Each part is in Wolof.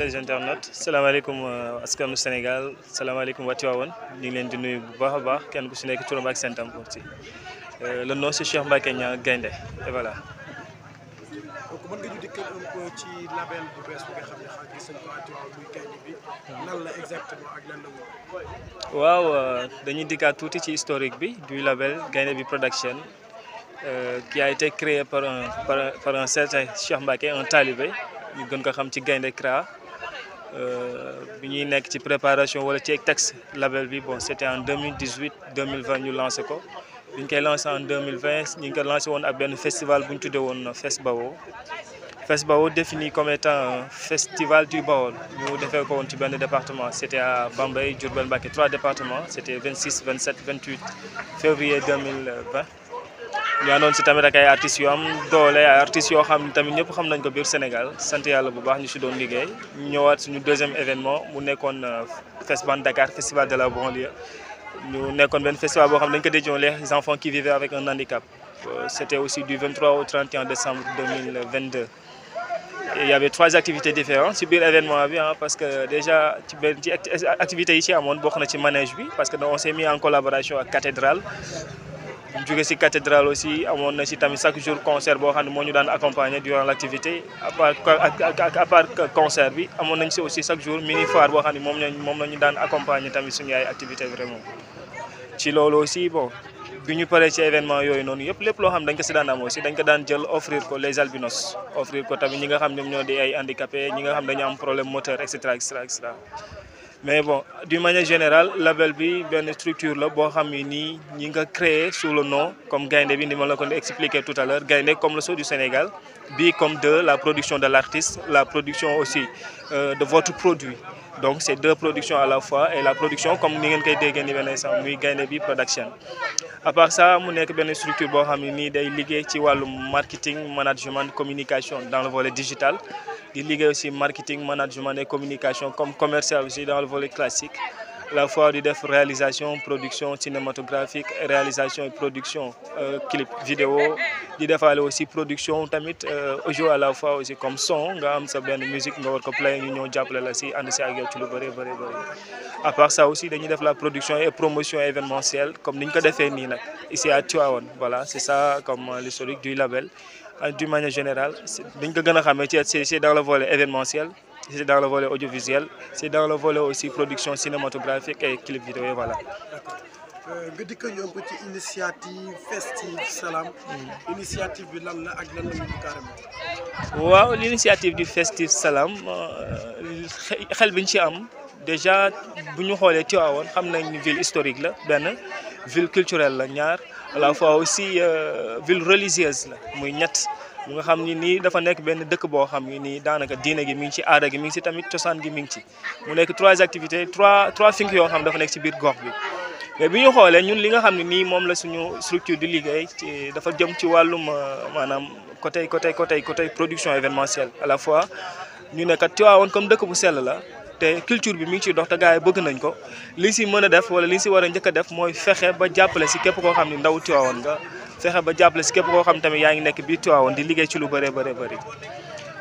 chers internautes salaamaaleykum euh, askanu Sénégal salaamaaleykum waa Tivaouane ngi leen di nuyu bu baax a baax kenn ku si nekk turam ak santam ci euh, le nom c'est Cheikh Mbacké Niang Gaïndé et ci label bu bees bi nga xam ne euh, dañuy dikkaat tuuti ci historique bi du label Gaïndé bi production. Euh, qui a été créé par un certain Cheikh Mbacké un talibé ñu gën ko xam ci Gaïndé Kra Euh, bi ñuy nekk ci préparation wala ci texte label bi bon c' était en 2018 2020 ñu lancé ko bi ñu koy lancé en 2020 ñu ngi ko lancé woon ak benn festival bu ñu tuddee woon FESBAO comme étant un festival du Baol ñu defee ko woon ci benn département c' était à Bambey Diourbel Mbacké trois départements c' était 26 27 28 février ñu àndoon si tamit ak ay artistes yu am doole ay artistes yoo xam ne tamit ñëpp xam nañ ko biir Sénégal sant yàlla bu baax ñu si doon liggéey ñëwaat suñu deuxième événement mu nekkoon euh, FESBAN Dakar festival de la banlieue ñu nekkoon benn festival boo xam ne dañ ko dédié les enfants qui vivaient avec un handicap euh, c'était aussi du au 31 décembre y avait trois activités différentes ci biir événement bi ah parce que déjà ci activités yi ci amoon bokk na ci manage bi parce que on s'est mis en collaboration ak cathédrale ñu jóge si cathédrale aussi amoon na si tamit chaque jour concert boo xam ne moo ñu daan accompagner durant l' activité bi amoon nañ si aussi chaque jour mini foire boo xam ne moom lañ moom la ñu daan accompagner tamit suñu ay activité vraiment. ci loolu aussi bon bi ñu paree ci événement yooyu noonu yëpp lépp loo xam dañ ko si daan am aussi dañ ko daan jël offrir ko les albinos offrir ko tamit ñi nga xam ñoom ñoo di ay handicapé ñi nga xam dañu am problème moteur et cetera et cetera et mais bon d'une manière générale label bi benn structure la boo xam ni nii ñi nga crée sur le nom comme gaynde bi ni ma la ko expliqué tout à l'heure gaynde comme le sceau du Sénégal bi comme de la production de l'artiste la production aussi euh, de votre produit donc c'est de productions à la fois et la production comme ni ngeen koy déggee ni benn sax muy gaynde bi production à part mu nekk benn structure boo xam ne nii day liggéey ci wàllu marketing management communication dans le volet di liggéey aussi marketing management et communication comme commercial aussi dans le volet classique la fois di def réalisation production cinématographique réalisation et production euh, clip vidéo di defaale aussi production tamit audio euh, à la fois aussi comme son nga am sa benn musique nga war ko play ñu ñëw jàppale la si ànd si ak yow ci lu bëri bëri bëri à part ça aussi dañuy def la production et promotion événementielle comme ni ñu ko defee nii nag ici à Tivaouane voilà c'est ça comme l'historique du label d'une manière générale dañ ko gën a xamee ci c'est dans le volet événementiel c'est dans le volet audiovisuel c'est dans le volet aussi production cinématographique et clip vidéo et voilà. Euh, nga dikk ñoom ci initiative festive salam mm. initiative bi lan la ak lan la carrément. waaw l'initiative du festive salaam euh, xel bi ñu ci am déjà bu ñu xoolee Tivaouane xam nañ ni ville historique la benn ville culturelle la ñaar. à la fois aussi euh, ville religieuse la muy ñett mu nga xam ni ni dafa nekk benn dëkk boo xam ni nii daanaka diine gi mi ngi ci aada gi mi ngi ci tamit cosaan gi mi ngi ci mu nekk trois activités trois trois finques yoo xam dafa nekk ci biir gox bi mais bi ñu xoolee ñun li nga xam ne nii moom la suñu structure di liggéey ci dafa jëm ci wàllum euh, maanaam côté côté côté côté production événementielle à la fois ñu nekkat Tivaouane comme dëkk bu sell la te culture bi mi ngi ciy dox te gars yi bëgg nañ ko li si mën def wala li si war a njëkk def mooy fexe ba jàppale si képp koo xam ne ndaw Tiwaawoon nga fexe ba jàppale si képp koo xam tamit yaa ngi nekk biir Tiwaawoon di liggéey ci lu bëree bëri bëri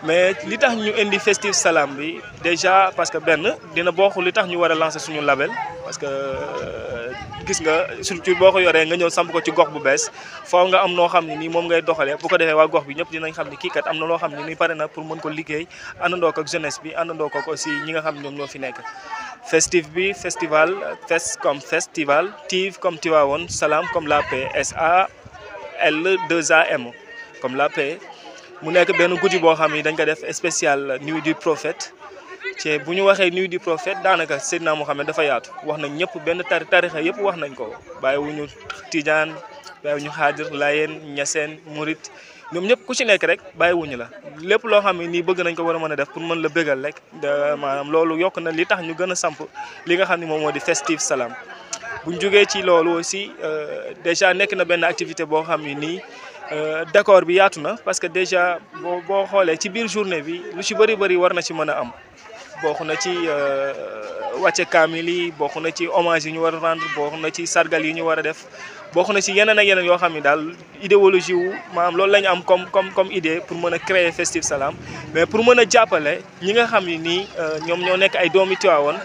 mais li tax ñu indi festive salam bi déjà parce que benn dina bokk li tax ñu war a lancer suñu label parce que euh, gis nga structure boo ko yoree nga ñëw samp ko ci gox bu bees faaw nga am noo xam ne nii moom ngay doxalee bu ko defee waa gox bi ñëpp dinañ xam ne kii kat am na loo xam ne ni pare na pour mën ko liggéey àndandoo ko ak jeunesse bi àndandoo ko aussi ñi nga xam ne ñoom ñoo fi nekk. festive bi festival fest comme festival tiv comme Tivaouane salam comme la paix S A L 2 A comme la mu nekk benn guddi boo xam ni dañ ko def spécial nuit du prophète ci bu ñu waxee nuit du prophète daanaka naa moo xam ne dafa yaatu wax nañ ñëpp benn tari tarixa yëpp wax nañ ko bàyyiwuñu tijaan bàyyiwuñu xaadir layeen ñaseen murit ñoom ñëpp ku ci nekk rek bàyyiwuñu la lépp loo xam ne nii bëgg nañ ko war a mën a def pour mën la bëggal rek maanaam loolu yokk na li tax ñu gën a samp li nga xam ne moom moo di festive salaam bu ñu jógee ci loolu aussi euh, déjà nekk na benn activité boo xam ne nii Euh, décor bi yaatu na parce que déjà boo boo xoolee ci biir journée bi lu ci bëri bari war na ci mën a am bokk na ci euh, wàcce kaamil yi bokk na ci hommage yi ñu war a rendre boo na ci sargal yi ñu war a def bokk na ci yeneen ak yeneen yoo xam ne daal idéologie wu maanaam loolu lañu am comme comme comme idée pour mën a créer Festive Salam mais pour mën a jàppale ñi nga xam ni nii euh, ñoom ñoo nekk ay doomi Tiwaawoon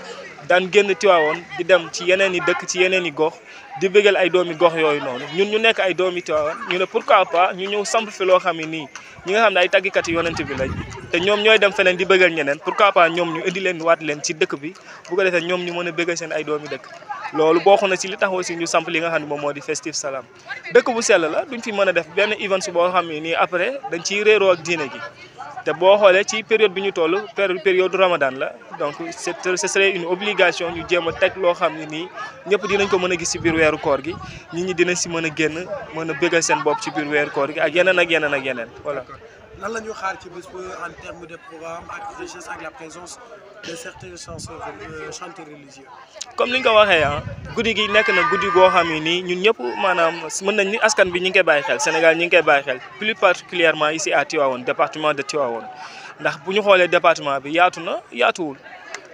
daan génn Tiwaawoon di dem ci yeneen i dëkk ci yeneen i gox di bégal ay doomi gox yooyu noonu ñun ñu nekk ay doomi Tiwaawoon ñu ne pourquoi pas ñu ñëw samp fi loo xam ne nii ñi nga xam ne ay tàggikat yi yonent bi lañ te ñoom ñooy dem feneen di bégal ñeneen pourquoi pas ñoom ñu indi leen waat leen ci dëkk bi bu ko defee ñoom ñu mën a bégal seen ay doomi dëkk loolu bokk na ci li tax si ñu samp li nga xam ne moom moo di festif salaam dëkk bu sell la duñ fi mën a def benn event su boo xam ne nii après dañ ciy réeroo ak diine gi te boo xoolee ci période bi ñu toll période Ramadan la donc ce serait une obligation ñu jéem a teg loo xam ne nii ñëpp dinañ ko mën a gis ci biir weeru koor gi nit ñi dinañ si mën a génn mën a bégal seen bopp ci biir weeru koor gi ak yeneen ak yeneen ak yeneen voilà. lan la ñu xaar ci bés en de programme ak richesse ak euh, comme ni nga ko waxee ah guddi gi nekk na guddi goo xam ne nii ñun ñëpp maanaam mën nañ ni askan bi ñu ngi koy bàyyi xel Sénégal ñu ngi koy bàyyi xel plus i ici à Tivaouane département de Tivaouane ndax bu ñu xoolee département bi yaatu na yaatuwul.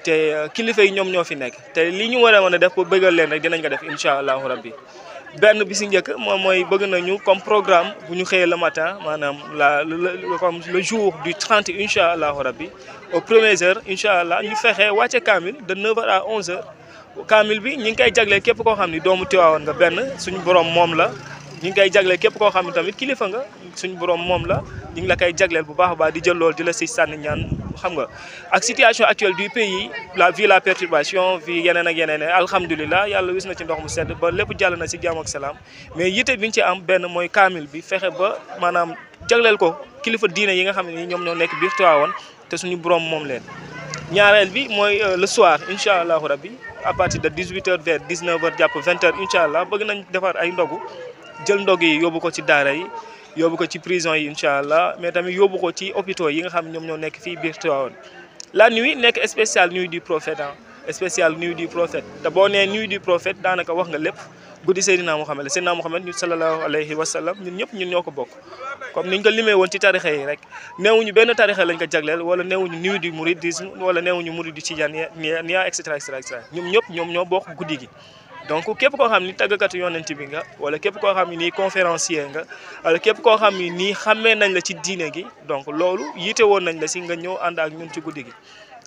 te euh, kilifa yi ñoom ñoo fi nekk te li ñu war a def pour bëggal leen rek dinañ ko def incha allahu bi benn bi si njëkk moom mooy bëgg nañu comme programme bu ñu xëyee la matin maanaam la comme le jour du 30 allah allahu rabbi aux premières heures incha allah ñu fexe wàcce kaamil de 9h à 11h kaamil bi ñi ngi koy jagleel képp koo xam ni doomu Tiwaawan nga benn suñu borom moom la. ñi ngi koy jagleel képp koo xam ne tamit kilifa nga suñu borom moom la ñu ngi la koy jagleel bu baax a baax di jël loolu di la si sànni ñaan. xam nga ak situation actuelle du pays la vie la perturbation vie yeneen ak yeneen alhamdulilah yàlla wis na ci ndox mu sedd ba lépp jàll na si jàmm ak salaam mais yitte bi ñu ci am benn mooy kaamil bi fexe ba maanaam jagleel ko kilifa diine yi nga xam ne ñoom ñoo nekk biir Tivaouane te suñu borom moom leen. ñaareel bi mooy euh, le soir incha allahu rabbi à partir de 18h vers 19h jàpp 20h incha allah bëgg nañ defar ay ndogu jël yi yóbbu ko ci daara yi. yóbbu ko ci prison yi incha allah mais tamit yóbbu ko ci hôpitaux yi nga xam ñoom ñoo nekk fii biir Tivaouane la nuit nekk spécial nuit du prophète ah spécial nuit du prophète te boo nee nuit du prophète daanaka wax nga lépp guddi Seydina Mouhamed la Seydina Mouhamed ñu sallallahu alayhi wa sallam ñun ñëpp ñun ñoo ko bokk comme niñ ko limee woon ci tarixa yi rek neewuñu benn tarixa lañ ko jagleel wala neewuñu nuit du mouridisme wala neewuñu murid du tijaan ni et cetera et cetera ñoom ñëpp ñoom ñoo bokk guddi gi donc képp koo xam ni tàggkatu yonent bi nga wala képp koo xam ni nii conférencier nga wala képp koo xam ni nii xammee nañ la ci diine gi donc loolu yiite woon nañ la si nga ñëw ànd ak ñun ci guddi gi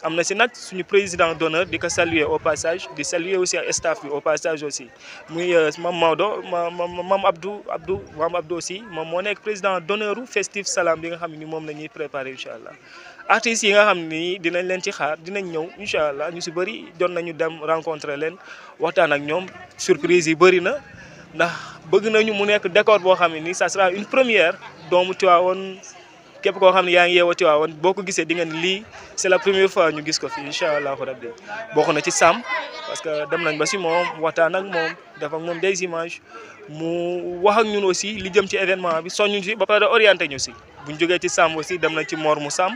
am na si nag suñu président d'honneur di ko saluer au passage di saluer aussi ak staff bi au passage aussi muy euh, mam Maodo mam Abdou Abdou mam Abdou aussi moom moo nekk président d'honneur u salaam salam nga xam ni moom na ñuy préparer incha allah artistes yi nga xam ni dinañ leen ci xaar dinañ ñëw incha allah ñu si bëri doon nañu dem rencontrer leen waxtaan ak ñoom surprise yi bëri na ndax bëgg nañu mu nekk décor boo xam ne nii ça sera une première doomu Tivaouane képp koo xam ne yaa ngi yeewoo Tiwaawan boo ko gisee di ngeen lii c'est la première fois ñu gis ko fi incha allahu rabbi bokk na ci Sam parce que dem nañ ba si moom waxtaan ak moom dafa moom des images mu wax ak ñun aussi li jëm ci événement bi soññu si ba pare orienté ñu si buñ jógee ci Sam aussi dem nañ ci moor mu Sam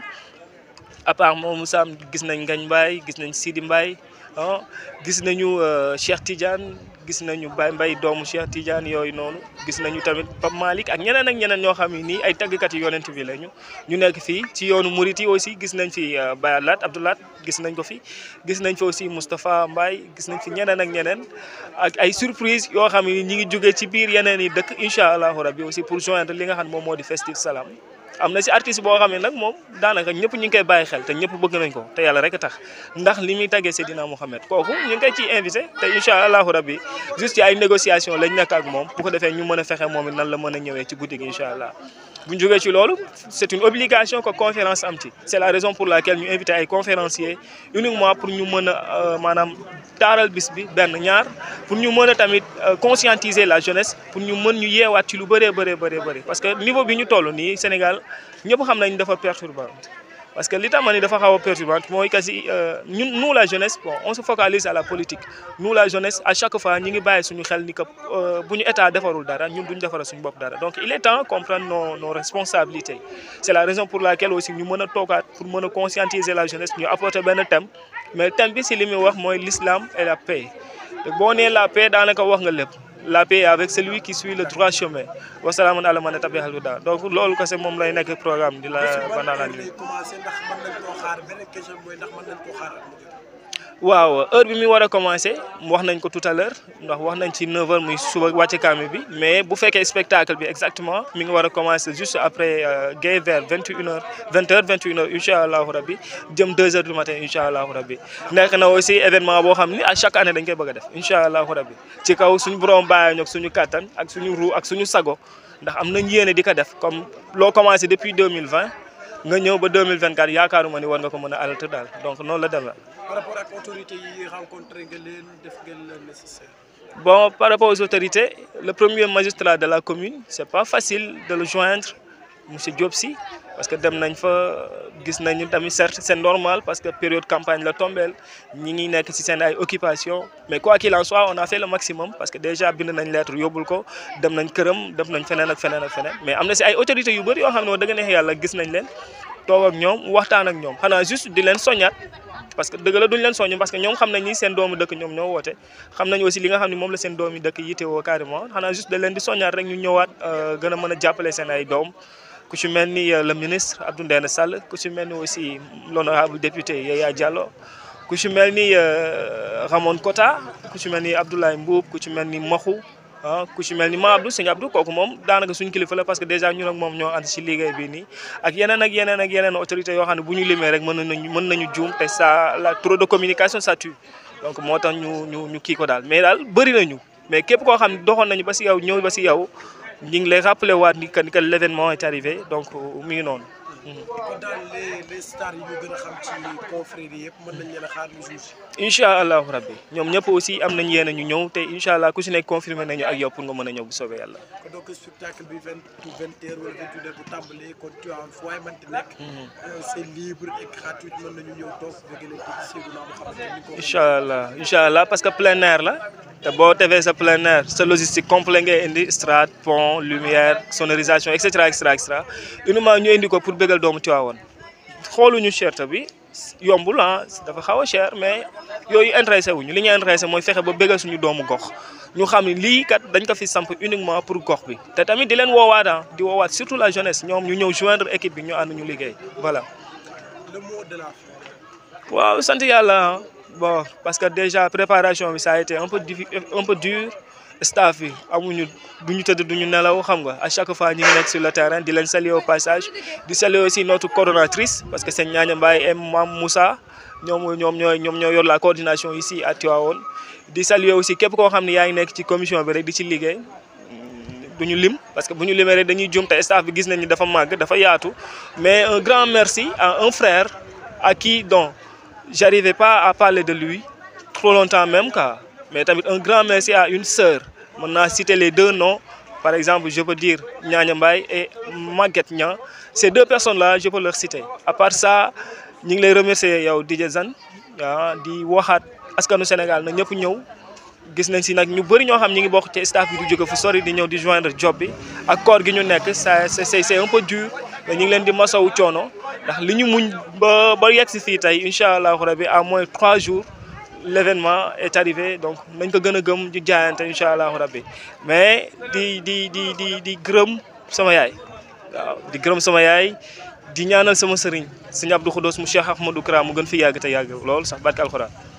à part mu Sam gis nañ Ngañ mbaay gis nañ Sidi mbaay ah gis nañu euh, Cheikh Tidiane gis nañu Baye Mbaye doomu Cheikh Tidiane yooyu noonu gis nañu tamit Pape Malick ak ñeneen ak ñeneen ñoo xam ne nii ay tàggkat yi yonent bi lañu ñu nekk fii ci yoonu murit aussi gis nañ fi euh, Baye Lat Abdoulaat gis nañ ko fi gis nañ fi aussi Moustapha Mbaye gis nañ fi ñeneen ak ñeneen ak ay surprise yoo xam ne ñi ngi jógee ci biir yeneen yi dëkk incha allahu rabbi aussi pour joindre li nga xam ne moom moo di Festive Salam am na si artiste boo xam ne nag moom daanaka ñëpp ñu ngi koy bàyyi xel te ñëpp bëgg nañ ko te yàlla rek tax ndax li muy tàggee Seydina Mohamed kooku ñu ngi koy ciy invité te incha allahu rabbi juste ci négociation lañ nekk ak moom bu ko defee ñu mën a fexe moom nan la mën a ñëwee ci guddi gi incha allah bu ñu jógee ci loolu c'est une obligation que conférence am ci c'est la raison pour laquelle ñu invité ay conférenciers uniquement pour ñu mën a euh, maanaam taaral bis bi benn ñaar pour ñu mën a tamit euh, conscientiser la jeunesse pour ñu mën ñu yeewaat ci lu bëree bëree bëree bëri parce que niveau bi ñu toll nii Sénégal ñëpp xam nañ dafa perturbante parce que li tax ma ni dafa xaw a perturbante mooy quasi euh, ñun nous la jeunesse bon on se focalise à la politique nous la jeunesse à chaque fois ñu ngi bàyyi suñu xel ni que euh, bu ñu état defarul dara ñun duñ defaral suñu bopp dara donc il est temps comprendre nos nos responsabilités c'est la raison pour laquelle aussi ñu mën a toogaat pour mën a conscientiser la jeunesse ñu apporter benn thème mais thème bi si li muy wax mooy l'islam et la paix boo nee la paix daanaka wax nga lépp la paix est avec celui qui suit le droit chemin wasalaamun ala man tabi'al huda donc loolu kese moom lay nekk programme di la pendant nuit waaw heure bi mi war a commencé wax nañ ko tout à l'heure ndax wax nañ ci 9h muy suba wàcc kaame bi mais bu fekkee spectacle bi exactement mi ngi war a commencé juste après euh, gué vers 21h 20h 21h incha allahu rabbi jëm 2h du matin incha allahu rabbi nekk na aussi événement boo xam ni à chaque année dañ koy bëgg a def incha allahu rabbi ci kaw suñu borom bàyyi ñoog suñu kattan ak suñu ru ak suñu sago ndax am nañ yéene di ko def comme loo commencé depuis 2020. nga ñëw ba 2024 yaakaaruma ni war nga ko mën a arrêté daal donc noonu la demee. par rapport ak autorités def ngeen bon par rapport aux autorités le premier magistrat de la commune c'est pas facile de le joindre. monsieur Diop si parce que dem nañ fa gis nañu tamit certes c'est normal parce que période campagne la tombeel ñi ngi nekk ci seen ay occupation mais quoi qu'il en soit on a fait le maximum parce que déjà bind nañ lettre yóbbul ko dem nañ këram def nañ feneen ak feneen ak feneen mais am na ci ay autorités yu bëri yoo xam ne woon dëgg neex yàlla gis nañ leen toog ak ñoom waxtaan ak ñoom xanaa juste di leen soññaat parce que dëgg la duñ leen soññ parce que xam nañ seen doomu dëkk ñoom ñoo woote xam nañ aussi xam ne moom la seen doomi dëkk yittewoo carrément xanaa juste leen di soññaat rek ñu ñëwaat euh, gën a mën a jàppale seen ay doom ku ci mel ni euh, la ministre Abdou Ndéné Sall ku ci mel ni aussi l'honorable député Yaya Diallo ku ci mel ni euh, Ramon Kota ku ci mel ni Abdoulaye Mbuub ku ci mel ni Maxu ah ku ci mel ni Maam Abdou sëñ Abdou kooku moom daanaka suñ kilifa la parce que déjà ñu ak moom ñoo ànd ci liggéey bi nii ak yeneen ak yeneen ak yeneen autorité yoo xam ne bu ñu limee rek mën nañu mën nañu juum te ça la trop de communication ça tue donc moo tax ñu ñu ñu kii daal mais daal bëri nañu mais képp koo xam ne doxoon nañu ba ci yow ñëw ba ci yow ñu ngi lay rappeler waat ni que ni que l'événement est arrivé donc euh, mu noonu. kon daal les les stars yi ñu gën a nañ leen a xaar le ñoom ñëpp aussi am nañ yéen a ñu ñëw te incha allah ku si nekk confirmé nañu ak yow pour nga mën a ñëw bu soobee yàlla. kon mm-hmm. euh, ko ci séeru laa xam ne. incha allah incha parce que plein air la. te boo tefee sa plein air sa logistique complet ngay indi strade pont lumière sonorisation et cetera et cetera ñu indi ko pour bëgg sargal doomu Tiwaawan xooluñu cherté bi yombul ah dafa xaw a cher mais yooyu intéressé wuñu li ñu intéressé mooy fexe ba bégal suñu doomu gox ñu xam ne lii kat dañ ko fi samp uniquement pour gox bi te tamit di leen woowaat ah di woowaat surtout la jeunesse ñoom ñu ñëw joindre équipe bi ñu ànd ñu liggéey voilà. la fin. waaw sant yàlla ah. bon parce que déjà préparation bi ça a un peu un staff yi amuñu du ñu tëdd du ñu nelaw xam nga à chaque fois ñu ngi nekk sur le terrain di leen saluer au passage di saluer aussi notre coordonnatrice parce que seen ñaaña Mbaye et Mam Moussa ñoom ñoom ñooy ñoom ñoo yor la coordination ici à Tivaouane di saluer aussi képp koo xam ne yaa ngi nekk ci commission bi rek di ci liggéey mm, du ñu lim parce que bu ñu limee rek dañuy juum te staff bi gis nañ ni dafa màgg dafa yaatu mais un grand merci à un frère à qui donc j'arrivais pas à parler de lui trop longtemps même quoi mais tamit un grand merci à une sœur mën naa citer les deux noms par exemple je peux dire Ñaaña Mbaye et Maguette Niang ces deux personnes la je peux leur citer à part ça ñu ngi lay remercier yow di Zane ah di waxaat askanu Sénégal nag ñëpp ñëw gis nañ si nag ñu bëri ñoo xam ñu ngi bokk ci staff bi du jóge fu sori di ñëw di joindre job bi ak koor gi ñu nekk ça c'est c'est un peu dur mais ñu ngi leen di masawu coono ndax li ñu muñ ba ba yegg si fii tey incha allahu rabi à moins trois jours l'événement est arrivé donc nañ ko gën a gëm ñu jaayante incha allahu rabbi mais di di di di di gërëm sama yaay di gërëm sama yaay di ñaanal sama sëriñ sëñ Abdou Khoudous mu Cheikh Ahmadou Kra mu gën fi yàgg te yàgg lool sax barke alxuraan